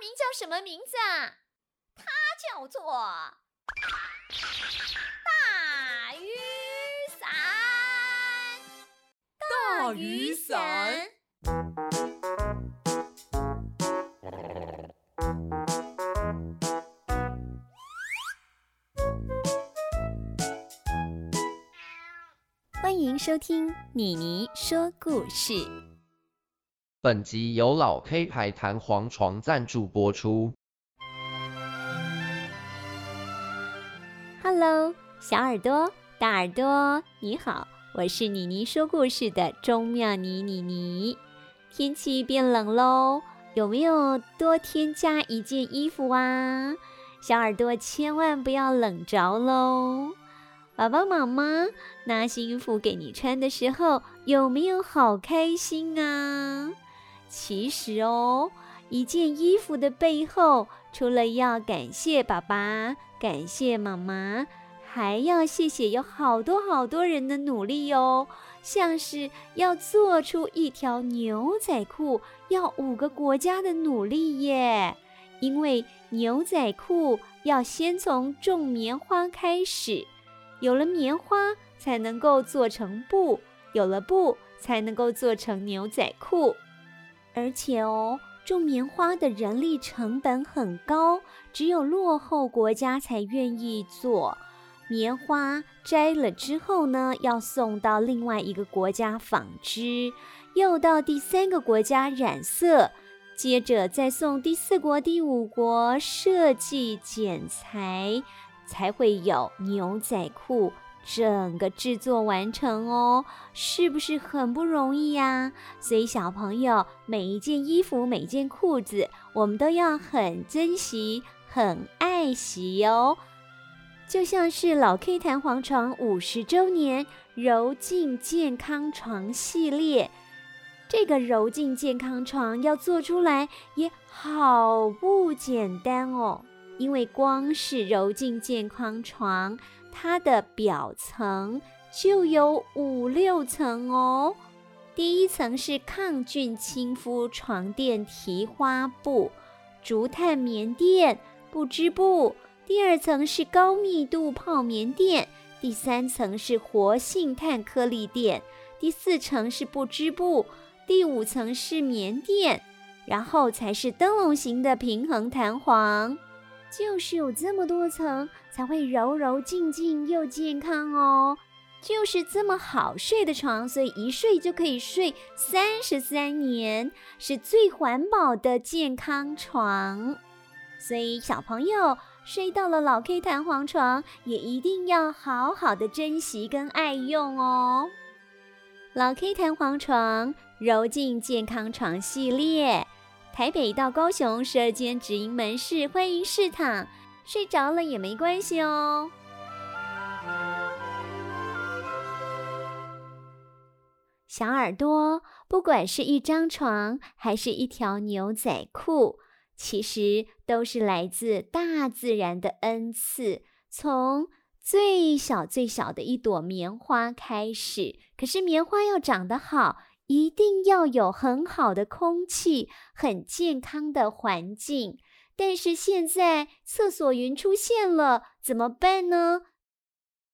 名叫什麼名字啊？他叫做大雨傘。大雨傘。雨傘，歡迎收聽妮妮說故事。本集由老 K 牌彈簧床贊助播出。Hello，小耳朵、大耳朵，你好，我是妮妮說故事的鍾妙妮妮妮。天氣變冷嘍，有沒有多添加一件衣服啊？小耳朵千萬不要冷着嘍！爸爸媽媽拿新衣服給你穿的時候，有沒有好開心啊？其實哦，一件衣服的背後，除了要感謝爸爸、感謝媽媽，還要謝謝有好多好多人的努力哦。像是要做出一條牛仔褲，要五個國家的努力耶。因為牛仔褲要先從種棉花開始，有了棉花才能夠做成布，有了布才能夠做成牛仔褲。而且哦，種棉花的人力成本很高，只有落後國家才願意做。棉花摘了之後呢，要送到另外一個國家紡織，又到第三個國家染色，接着再送第四國、第五國設計剪裁，才會有牛仔褲。整個製作完成哦，是不是很不容易呀，啊？所以小朋友，每一件衣服，每一件褲子，我們都要很珍惜，很愛惜哦。就像是老 K 彈簧床五十周年柔淨健康床系列，這個柔淨健康床要做出來也好不簡單哦，因為光是柔淨健康床。它的表層就有五六層哦，第一層是抗菌親膚床墊提花布、竹炭棉墊、不織布；第二層是高密度泡棉墊；第三層是活性炭顆粒墊；第四層是不織布；第五層是棉墊，然後才是燈籠型的平衡彈簧。就是有這麼多層，才會柔柔靜靜又健康哦。就是這麼好睡的床，所以一睡就可以睡三十三年，是最環保的健康床。所以小朋友睡到了老 K 彈簧床，也一定要好好的珍惜跟愛用哦。老 K 彈簧床，柔靜健康床系列。台北到高雄，十二間直營門市，歡迎試躺。睡着了也沒關係哦。小耳朵，不管是一張床還是一條牛仔褲，其實都是來自大自然的恩賜。從最小最小的一朵棉花開始，可是棉花要長得好。一定要有很好的空氣、很健康的環境。但是現在廁所雲出現了，怎麼辦呢？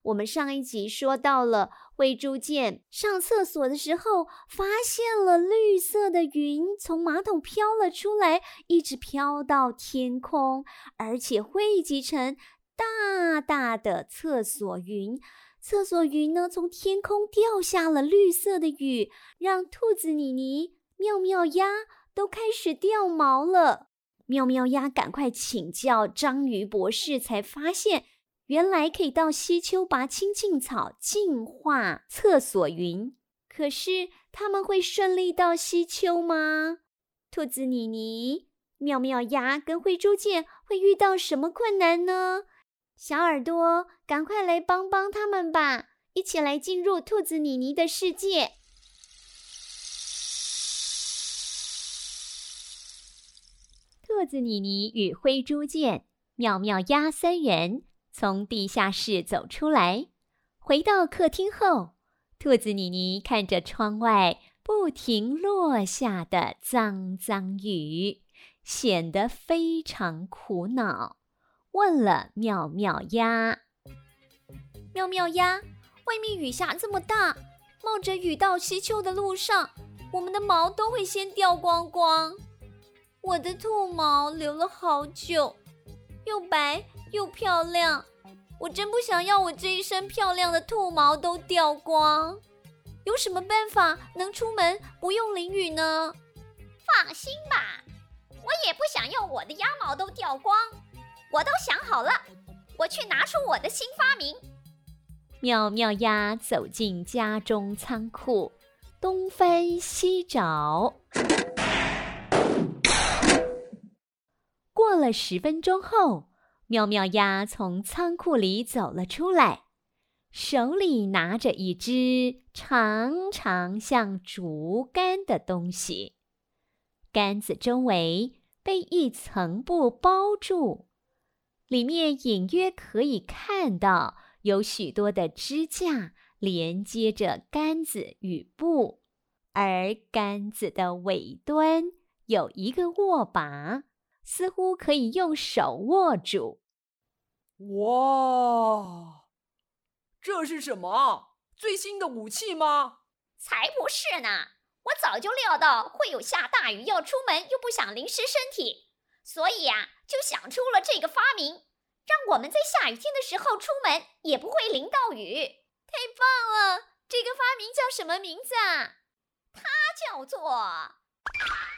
我們上一集說到了，灰豬健上廁所的時候，發現了綠色的雲從馬桶飄了出來，一直飄到天空，而且匯集成大大的廁所雲。廁所雲呢，從天空掉下了綠色的雨，讓兔子妮妮、妙妙鴨都開始掉毛了。妙妙鴨趕快請教章魚博士，才發現原來可以到西丘拔清淨草淨化廁所雲。可是他們會順利到西丘嗎？兔子妮妮、妙妙鴨跟灰豬健會遇到什麼困難呢？小耳朵，趕快來幫幫他們吧！一起來進入兔子妮妮的世界。兔子妮妮與灰豬健、妙妙鴨三人從地下室走出來，回到客廳後，兔子妮妮看着窗外不停落下的髒髒雨，顯得非常苦惱。問了妙妙鴨，妙妙鴨，外面雨下這麼大，冒着雨到西丘的路上，我們的毛都會先掉光光。我的兔毛留了好久，又白又漂亮，我真不想要我這一身漂亮的兔毛都掉光。有什麼辦法能出門不用淋雨呢？放心吧，我也不想要我的鴨毛都掉光。我都想好了，我去拿出我的新發明。妙妙鴨走進家中倉庫，東翻西找。過了十分鐘後，妙妙鴨從倉庫裡走了出來，手裡拿着一隻長長像竹竿的東西，桿子周圍被一層布包住。裡面隱約可以看到有許多的支架連接着桿子與布，而桿子的尾端有一個握把，似乎可以用手握住。哇，這是什麼？最新的武器嗎？才不是呢！我早就料到會有下大雨，要出門又不想淋濕身體，所以啊。就想出了這個發明，讓我們在下雨天的時候出門也不會淋到雨。太棒了！這個發明叫什麼名字啊？它叫做大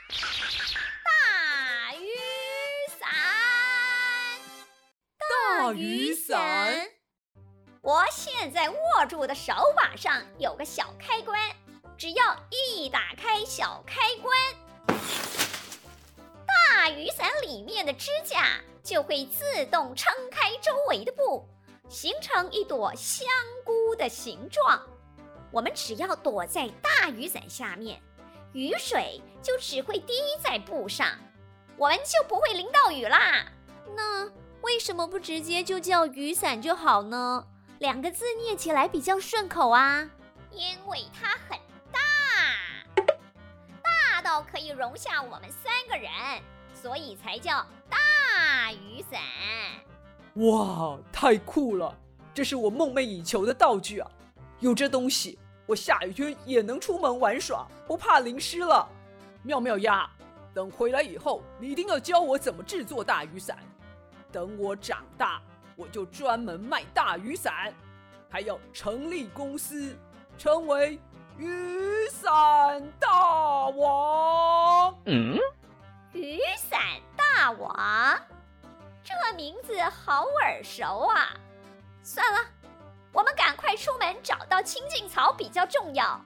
雨傘。大雨傘，我現在握住的手把上有個小開關，只要一打開小開關。雨傘裡面的支架就會自動撐開周圍的布，形成一朵香菇的形狀。我們只要躲在大雨傘下面，雨水就只會滴在布上，我們就不會淋到雨啦。那為什麼不直接就叫雨傘就好呢？兩個字念起來比較順口啊。因為它很大，大到可以容下我們三個人，所以才叫大雨傘，哇，太酷了！這是我夢寐以求的道具啊！有這東西，我下雨天也能出門玩耍，不怕淋濕了。妙妙鴨，等回來以後，你一定要教我怎麼制作大雨傘。等我長大，我就專門賣大雨傘，還要成立公司，成為雨傘大王。嗯。雨傘大王，這名字好耳熟啊！算了，我們趕快出門找到清淨草比較重要。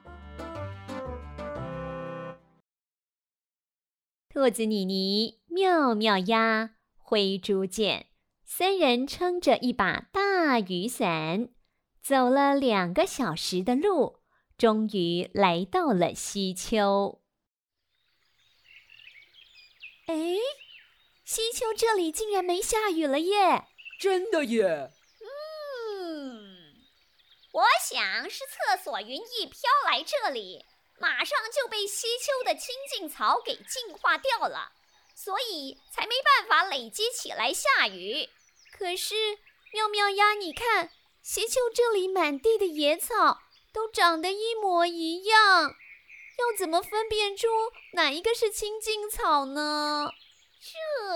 兔子妮妮、妙妙鴨、灰豬健，三人撐着一把大雨傘，走了兩個小時的路，終於來到了西丘。哎，西丘這裡竟然沒下雨了耶！真的耶！嗯，我想是廁所雲一飄來這裡，馬上就被西丘的清淨草給淨化掉了，所以才沒辦法累積起來下雨。可是，妙妙鴨，你看，西丘這裡滿地的野草都長得一模一樣。要怎麼分辨出哪一個是清淨草呢？這，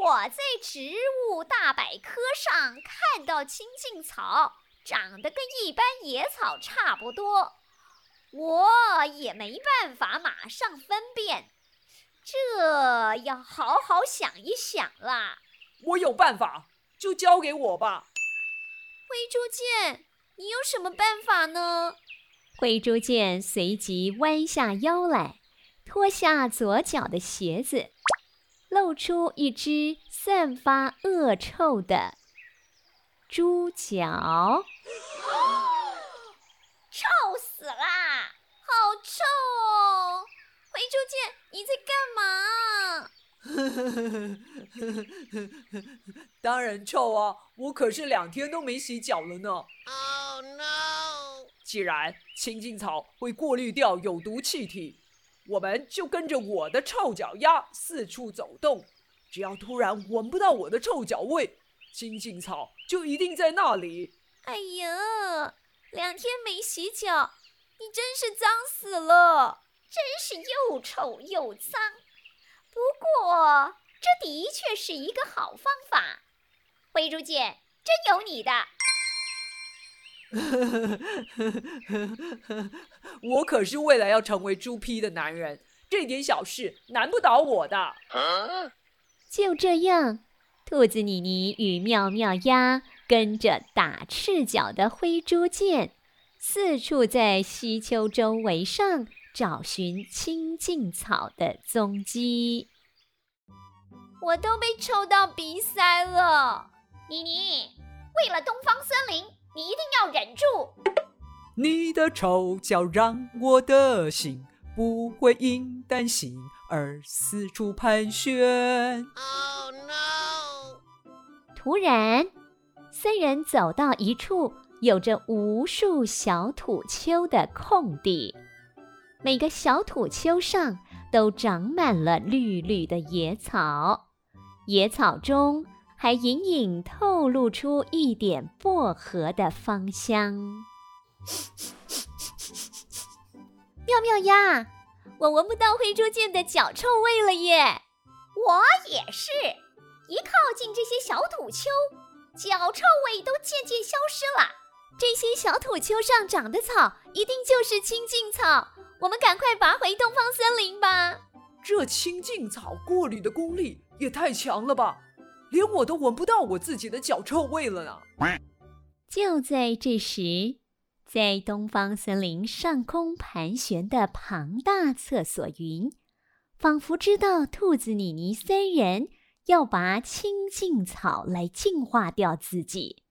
我在植物大百科上看到清淨草，清淨草長得跟一般野草差不多，我也沒辦法馬上分辨。這要好好想一想啦。我有辦法，就交給我吧。灰豬健。你有什麼辦法呢？灰豬健隨即彎下腰來，脫下左腳的鞋子，露出一隻散發惡臭的豬腳。哦！臭死啦！好臭哦！灰豬健，你在幹嘛？呵呵呵呵呵呵呵，當然臭啊！我可是兩天都沒洗腳了呢。哦、oh, no！既然清淨草會過濾掉有毒氣體，我們就跟着我的臭腳丫四處走動。只要突然聞不到我的臭腳味，清淨草就一定在那裡。哎呦，兩天沒洗腳，你真是髒死了！真是又臭又髒。不過。這的確是一個好方法，灰豬健，真有你的！ 我可是為了要成為豬皮的男人，這點小事難不倒我的。啊、就這樣，兔子妮妮與妙妙鴨跟着打赤腳的灰豬健，四處在西丘周圍上找尋清淨草的蹤跡。我都被臭到鼻塞了，妮妮，為了東方森林，你一定要忍住。你的臭腳讓我的心不會因擔心而四處盤旋。Oh no! 突然，三人走到一處有着無數小土丘的空地，每個小土丘上都長滿了綠綠的野草。野草中還隱隱透露出一點薄荷的芳香。妙妙鴨，我聞不到灰豬健的腳臭味了耶！我也是，一靠近這些小土丘，腳臭味都漸漸消失了。這些小土丘上長的草一定就是清淨草，我們趕快拔回東方森林吧。這清淨草過濾的功力，也太強了吧！連我都聞不到我自己的腳臭味了呢。就在這時，在東方森林上空盤旋的龐大廁所雲，仿佛知道兔子妮妮三人要拔清淨草來淨化掉自己，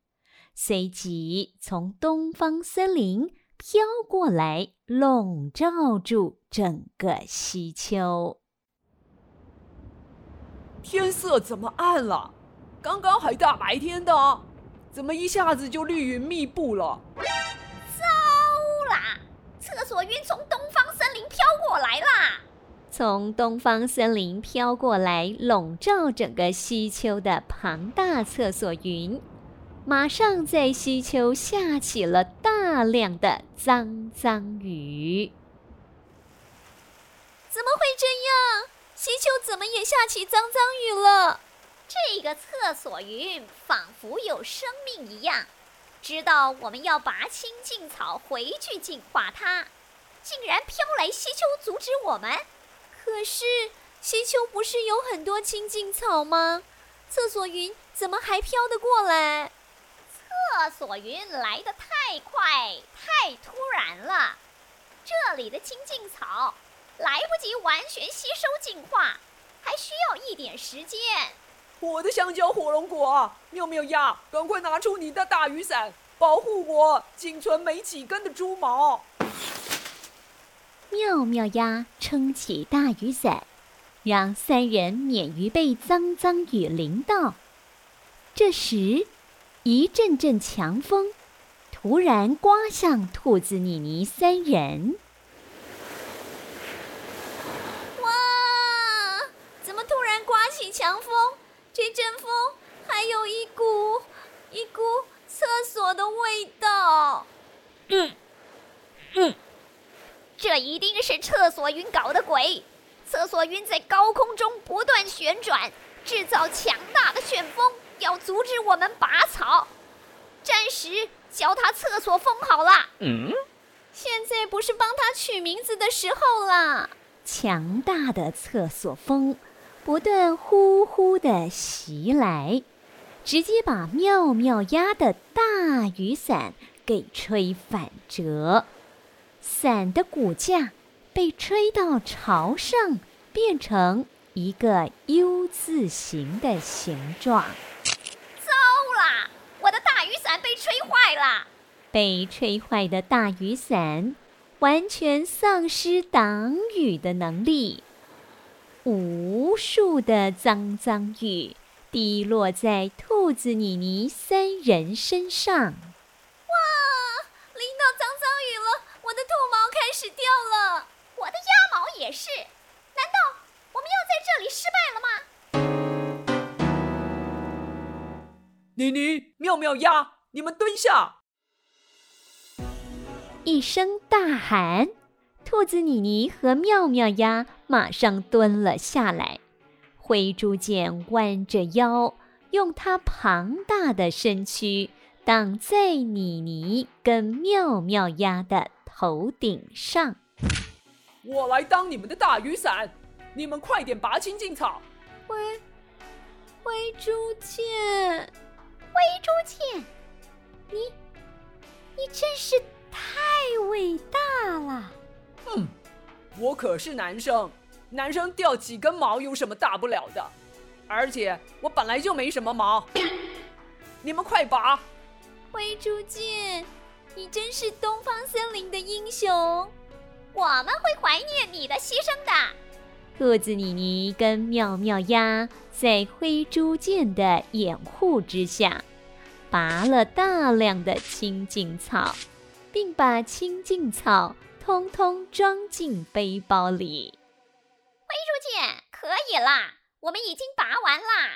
隨即從東方森林飄過來，籠罩住整個西丘。天色怎麼暗了？剛剛還大白天的，怎麼一下子就綠雲密布了？糟啦！廁所雲從東方森林飄過來啦！從東方森林飄過來，籠罩整個西丘的龐大廁所雲，馬上在西丘下起了大量的髒髒雨。怎麼會這樣？西丘怎麼也下起髒髒雨了？這個廁所雲仿佛有生命一樣，知道我們要拔清淨草回去淨化它，竟然飄來西丘阻止我們。可是西丘不是有很多清淨草嗎？廁所雲怎麼還飄得過來？廁所雲來得太快，太突然了，這裡的清淨草來不及完全吸收進化，還需要一點時間。我的香蕉火龍果，妙妙鴨，趕快拿出你的大雨傘，保護我僅存沒幾根的豬毛。妙妙鴨撐起大雨傘，讓三人免於被髒髒雨淋到。這時，一陣陣強風突然刮向兔子妮妮三人。強風，這陣風還有一股一股廁所的味道。嗯，嗯，這一定是廁所雲搞的鬼。廁所雲在高空中不斷旋轉，製造強大的旋風，要阻止我們拔草。暫時叫他廁所風好了。嗯，現在不是幫他取名字的時候了。強大的廁所風。不斷呼呼地襲來，直接把妙妙鴨的大雨傘給吹反折，傘的骨架被吹到朝上，變成一個 “U” 字形的形狀。糟了，我的大雨傘被吹壞了！被吹壞的大雨傘完全喪失擋雨的能力。無數的髒髒雨滴落在兔子妮妮三人身上。哇！淋到髒髒雨了，我的兔毛開始掉了，我的鴨毛也是。難道我們要在這裡失敗了嗎？妮妮、妙妙鴨，你們蹲下！一聲大喊。兔子妮妮和妙妙鴨馬上蹲了下來，灰豬健彎着腰，用它龐大的身軀擋在妮妮跟妙妙鴨的頭頂上。我來當你們的大雨傘，你們快點拔清淨草。灰，灰豬健，灰豬健，你，你真是太偉大了！嗯，我可是男生，男生掉幾根毛有什麼大不了的？而且我本來就沒什麼毛，你們快拔！灰豬健，你真是東方森林的英雄，我們會懷念你的犧牲的。兔子妮妮跟妙妙鴨在灰豬健的掩護之下，拔了大量的清淨草，並把清淨草。通通裝進背包裡，灰豬健，可以啦，我們已經拔完啦。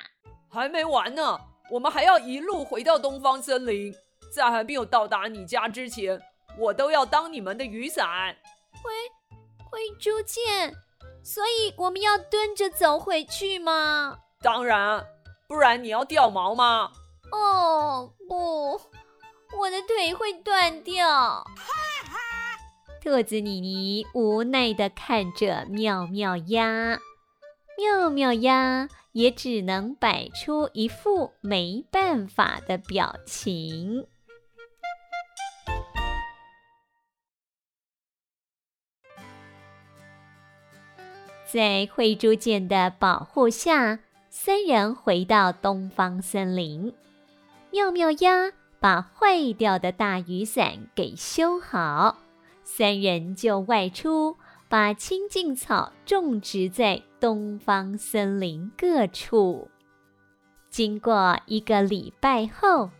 還沒完呢，我們還要一路回到東方森林，在還沒有到達你家之前，我都要當你們的雨傘。灰、灰豬健，所以我們要蹲着走回去嗎？當然，不然你要掉毛嗎？哦不，我的腿會斷掉。兔子妮妮無奈地看着妙妙鴨，妙妙鴨也只能擺出一副沒辦法的表情。在灰豬健的保護下，三人回到東方森林。妙妙鴨把壞掉的大雨傘給修好。三人就外出，把清淨草種植在東方森林各處。經過一個禮拜後，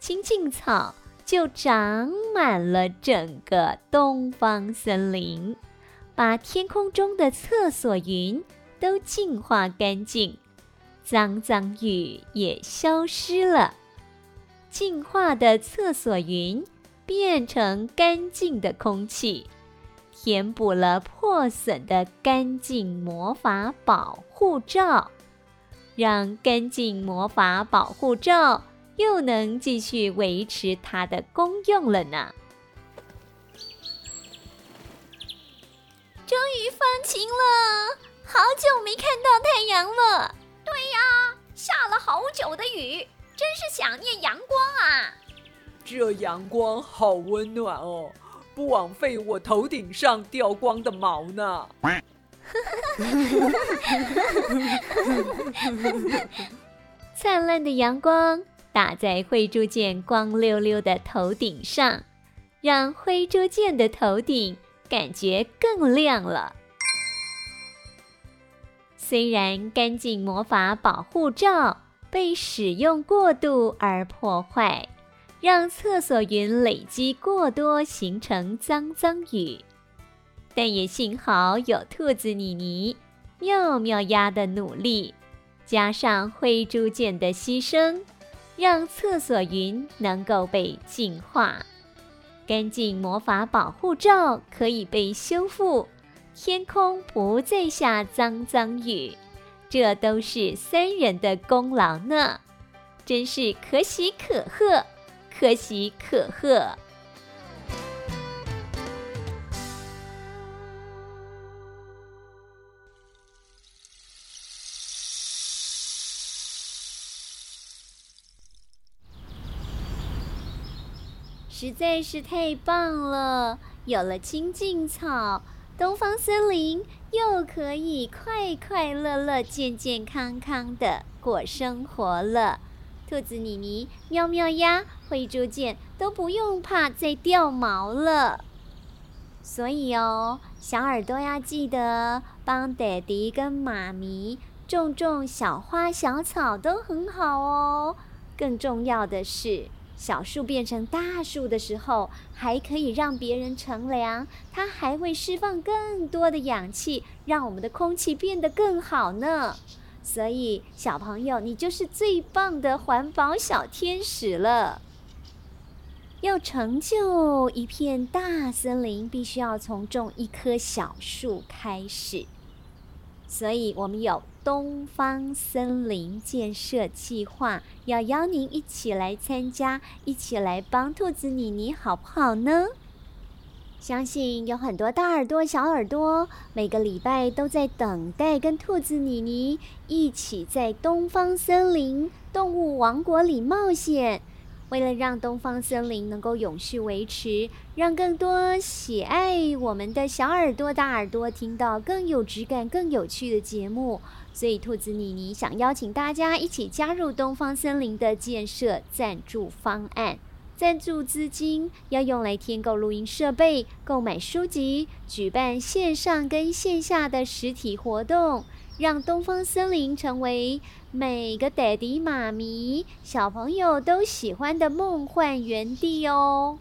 清淨草就長滿了整個東方森林，把天空中的廁所雲都淨化乾淨，髒髒雨也消失了。淨化的廁所雲。變成乾淨的空氣，填補了破損的乾淨魔法保護罩，讓乾淨魔法保護罩又能繼續維持它的功用了呢。終於放晴了，好久沒看到太陽了。對呀、啊，下了好久的雨，真是想念陽光啊。這陽光好溫暖哦，不枉費我頭頂上掉光的毛呢！ 燦爛的陽光打在灰豬健光溜溜的頭頂上，讓灰豬健的頭頂感覺更亮了。雖然乾淨魔法保護罩被使用過度而破壞。讓廁所雲累積過多，形成髒髒雨，但也幸好有兔子妮妮、妙妙鴨的努力，加上灰豬健的犧牲，讓廁所雲能夠被淨化，乾淨魔法保護罩可以被修復，天空不再下髒髒雨，這都是三人的功勞呢，真是可喜可賀。可喜可賀，實在是太棒了！有了清淨草，東方森林又可以快快樂樂、健健康康的過生活了。兔子妮妮、妙妙鴨！灰豬健都不用怕再掉毛了，所以哦，小耳朵要記得幫爹地跟媽咪種種小花小草都很好哦。更重要的是，小樹變成大樹的時候，還可以讓別人乘涼，它還會釋放更多的氧氣，讓我們的空氣變得更好呢。所以小朋友，你就是最棒的環保小天使了。要成就一片大森林，必須要從種一棵小樹開始。所以我們有東方森林建設計劃，要邀您一起來參加，一起來幫兔子妮妮，好不好呢？相信有很多大耳朵、小耳朵，每個禮拜都在等待跟兔子妮妮一起在東方森林動物王國裡冒險。為了讓東方森林能夠永續維持，讓更多喜愛我們的小耳朵大耳朵聽到更有質感、更有趣的節目，所以兔子妮妮想邀請大家一起加入東方森林的建設贊助方案。贊助資金要用來添購錄音設備、購買書籍、舉辦線上跟線下的實體活動，讓東方森林成為每個爹地媽咪、小朋友都喜歡的夢幻園地哦！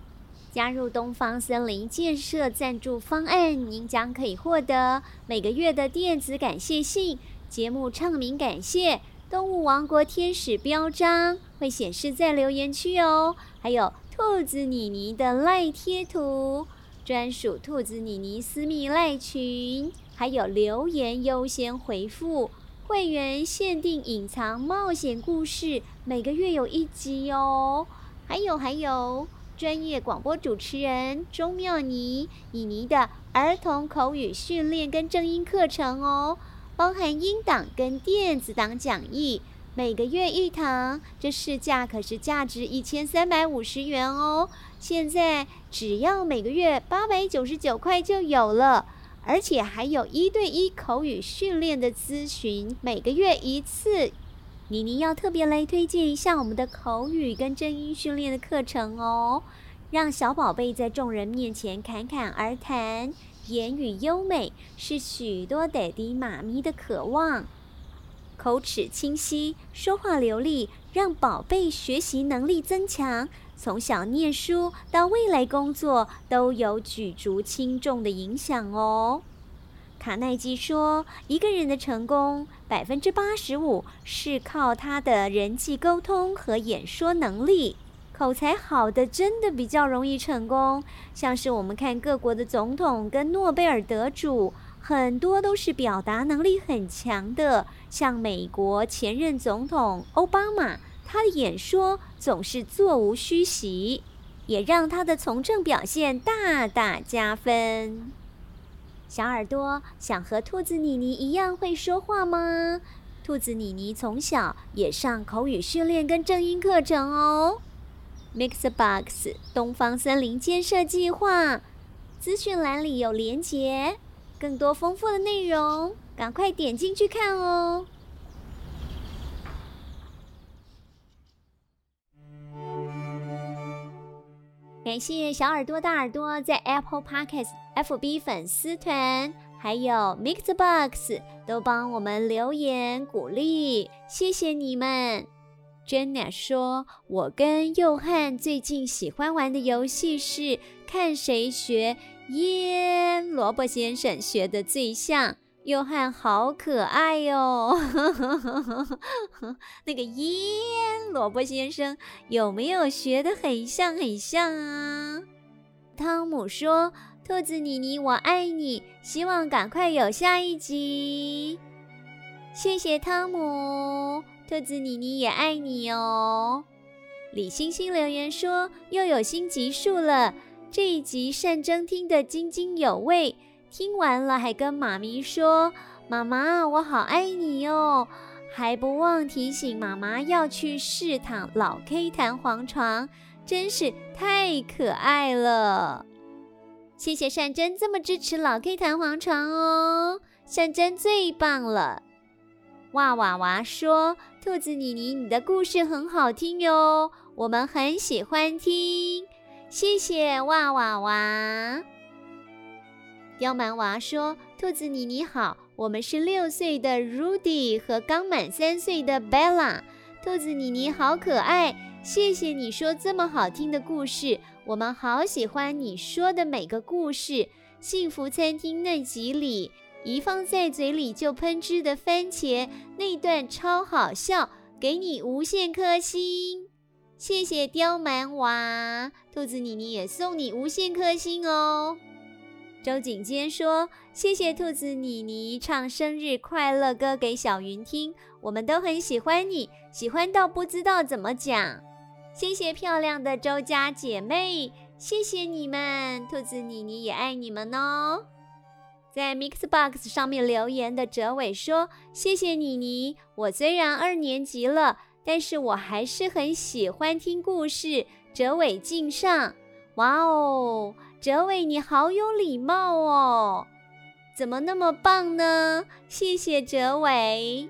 加入東方森林建設贊助方案，您將可以獲得每個月的電子感謝信、節目唱名感謝、動物王國天使標章，會顯示在留言區哦。還有兔子妮妮的賴貼圖、專屬兔子妮妮私密賴群，還有留言優先回復。會員限定隱藏冒險故事，每個月有一集哦。還有還有，專業廣播主持人鍾妙妮以妮的兒童口語訓練跟正音課程哦，包含音檔跟電子檔講義，每個月一堂。這市價可是價值一千三百五十元哦，現在只要每個月八百九十九塊就有了。而且還有一對一口語訓練的諮詢，每個月一次。妮妮要特別來推薦一下我們的口語跟正音訓練的課程哦，讓小寶貝在眾人面前侃侃而談，言語優美，是許多爹地媽咪的渴望。口齒清晰，說話流利，讓寶貝學習能力增強。從小念書到未來工作，都有舉足輕重的影響哦。卡耐基說，一個人的成功百分之八十五是靠他的人際溝通和演說能力。口才好的真的比較容易成功，像是我們看各國的總統跟諾貝爾得主，很多都是表達能力很強的。像美國前任總統奧巴馬，他的演說，總是座無虛席，也讓他的從政表現大大加分。小耳朵想和兔子妮妮一樣會說話嗎？兔子妮妮從小也上口語訓練跟正音課程哦。Mixerbox 東方森林建設計畫，資訊欄裡有鏈接，更多豐富的內容，趕快點進去看哦。感謝小耳朵、大耳朵在 Apple Podcast、FB 粉絲團，還有 MixerBox 都幫我們留言鼓勵，謝謝你們。Jenna 說，我跟佑翰最近喜歡玩的遊戲是看誰學煙，yeah! 蘿蔔先生學的最像。約翰好可愛喲、哦！ 那個耶，蘿蔔先生有沒有學得很像很像啊？湯姆說：“兔子妮妮，我愛你，希望趕快有下一集。”謝謝湯姆，兔子妮妮也愛你哦。李星星留言說：“又有新集數了，這一集善真聽得津津有味。”聽完了，還跟媽咪說：“媽媽，我好愛你喲！”還不忘提醒媽媽要去試躺老 K 彈簧床，真是太可愛了。謝謝善珍這麼支持老 K 彈簧床哦，善珍最棒了。哇哇哇說：“兔子妮妮，你的故事很好聽喲，我們很喜歡聽。”謝謝哇哇哇。刁蠻娃說：“兔子妮妮好，我們是六歲的 Rudy 和剛滿三歲的 Bella。兔子妮妮好可愛，謝謝你說這麼好聽的故事，我們好喜歡你說的每個故事。幸福餐廳那集裡，一放在嘴裡就噴汁的番茄那段超好笑，給你無限顆星。謝謝刁蠻娃，兔子妮妮也送你無限顆星哦。”周景堅說：“謝謝兔子妮妮唱生日快樂歌給小雲聽，我們都很喜歡你，喜歡到不知道怎麼講。謝謝漂亮的周家姐妹，謝謝你們，兔子妮妮也愛你們哦。”在 MixerBox 上面留言的哲偉說：“謝謝妮妮，我雖然二年級了，但是我還是很喜歡聽故事。哲偉敬上，哇哦。”哲偉，你好有禮貌哦，怎麼那麼棒呢？謝謝哲偉，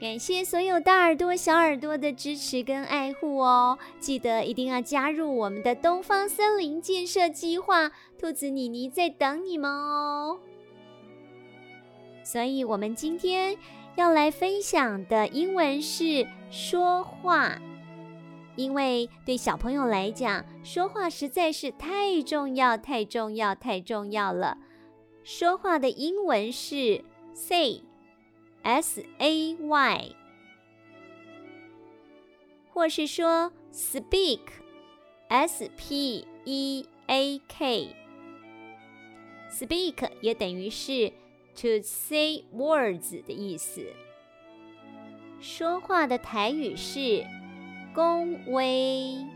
感謝所有大耳朵、小耳朵的支持跟愛護哦。記得一定要加入我們的東方森林建設計劃，兔子妮妮在等你們哦。所以，我們今天要來分享的英文是說話。因為對小朋友來講，說話實在是太重要、太重要、太重要了。說話的英文是 say，S A Y，或是說 speak，S P E A K。Speak 也等於是 to say words 的意思。說話的台語是。恭維，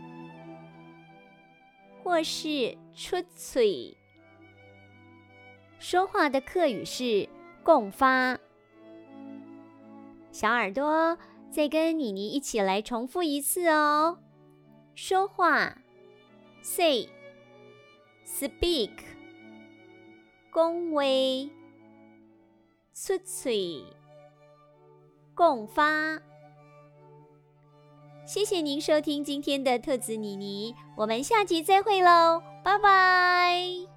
或是出嘴，說話的客語是“共發”。小耳朵，再跟妮妮一起來重複一次哦。說話，say，speak，恭維，出嘴，共發。謝謝您收聽今天的兔子妮妮，我們下集再會嘍，拜拜。